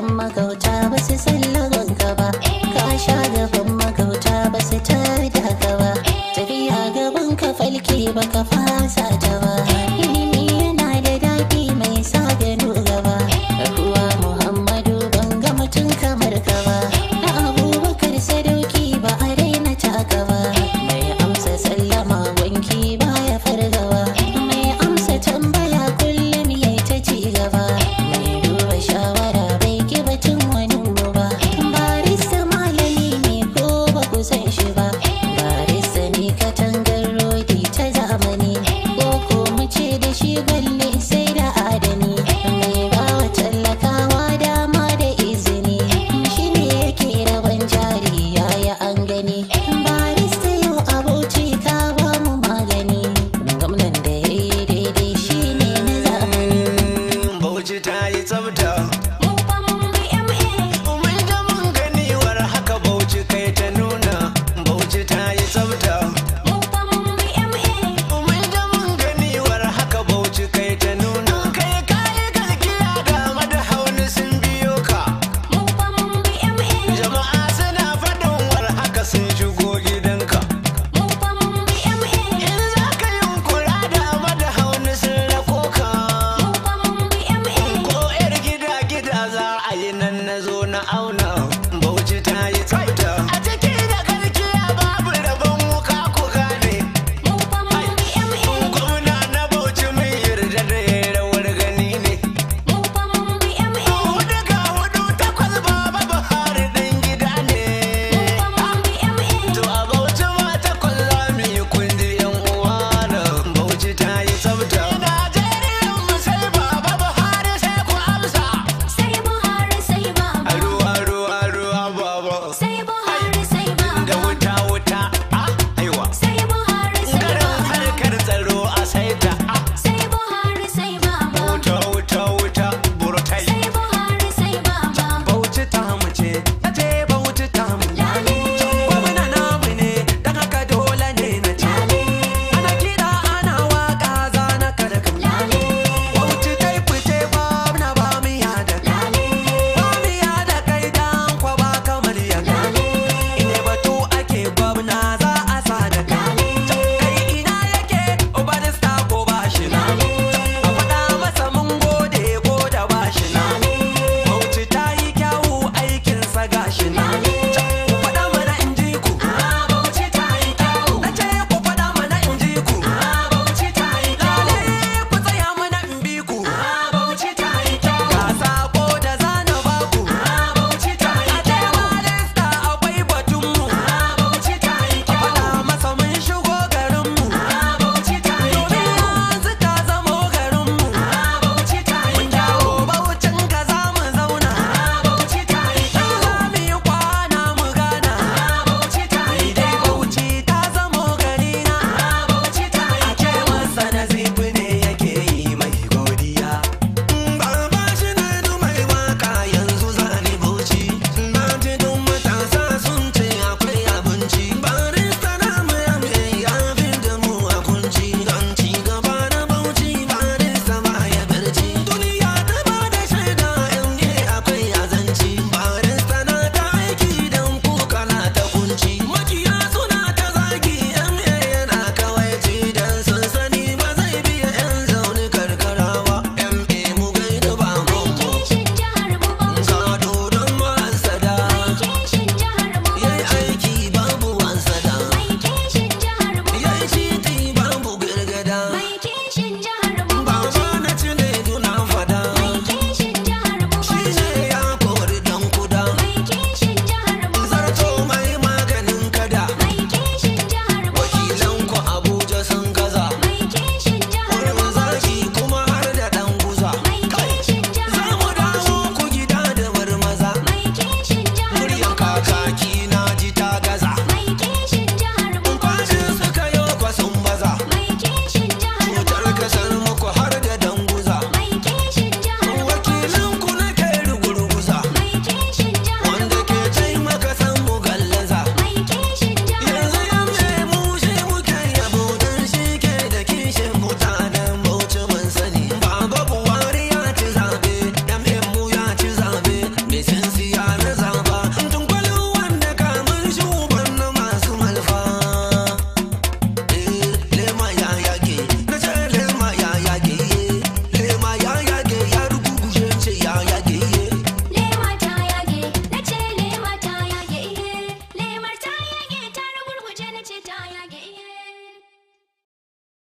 gaban magauta ba su san lagon ka ba ka sha gaban magauta ba su tada ka ba tafiya gaban ka falke ba ka fasa